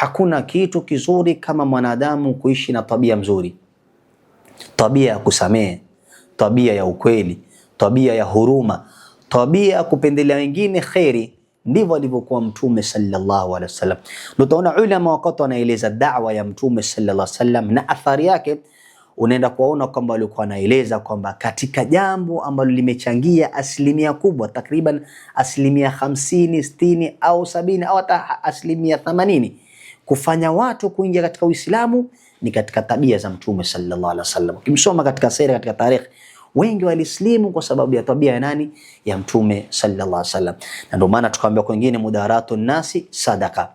Hakuna kitu kizuri kama mwanadamu kuishi na tabia mzuri, tabia ya kusamehe, tabia ya ukweli, tabia ya huruma, tabia ya kupendelea wengine kheri. Ndivyo alivyokuwa Mtume sallallahu alaihi wasallam. Ndio utaona ulama wakati wanaeleza da'wa ya Mtume sallallahu alaihi wasallam na athari yake, unaenda kuwaona kwamba walikuwa wanaeleza kwamba katika jambo ambalo limechangia asilimia kubwa, takriban asilimia hamsini, sitini au sabini au hata asilimia themanini kufanya watu kuingia katika Uislamu ni katika tabia za Mtume sallallahu alaihi wasallam. Ukimsoma katika sera, katika tarikhi, wengi walislimu kwa sababu ya tabia ya nani? Ya Mtume sallallahu alaihi wasallam. Na ndio maana tukaambiwa kwingine, mudaratu nasi sadaka,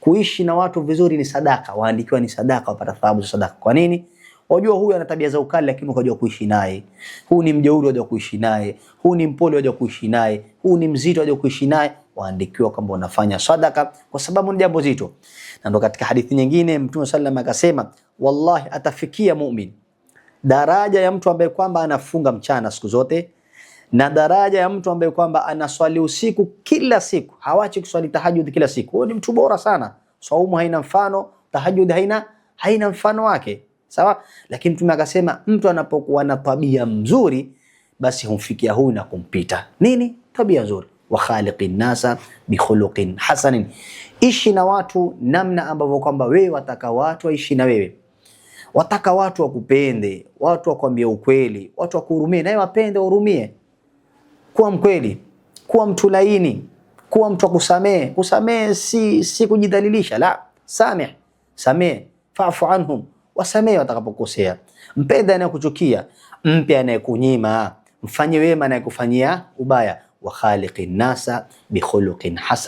kuishi na watu vizuri ni sadaka, waandikiwa ni sadaka, wapata thawabu za sadaka. Kwa nini? Wajua huyu ana tabia za ukali, lakini ukajua kuishi naye. Huu ni mjeuri, wajua kuishi naye. Huu ni mpole, wajua kuishi naye. Huu ni mzito, wajua kuishi naye waandikiwa kwamba unafanya sadaka, kwa sababu ni jambo zito. Na ndo katika hadithi nyingine Mtume sallam akasema, wallahi atafikia mumin daraja ya mtu ambaye kwamba anafunga mchana siku zote na daraja ya mtu ambaye kwamba anaswali usiku kila siku, hawachi kuswali tahajjud kila siku. Huyo ni mtu bora sana. Saumu haina mfano, tahajjud haina haina mfano wake, sawa. Lakini Mtume akasema mtu anapokuwa na tabia mzuri, basi humfikia huyu na kumpita. Nini tabia nzuri? wa khaliqi nasa bikhuluqin hasanin, ishi na watu namna ambavyo kwamba wewe wataka watu waishi na wewe. Wataka watu wakupende, watu wakwambie ukweli, watu wakuhurumie, nawe wapende wahurumie. Kuwa mkweli, kuwa mtu laini, kuwa mtu akusamehe. Kusamehe si, si kujidhalilisha, la, sameh, samehe, fafu anhum, wasamehe watakapokosea, mpende anayekuchukia, mpe anayekunyima, mfanye wema anayekufanyia ubaya. وخالق الناس بخلق حسن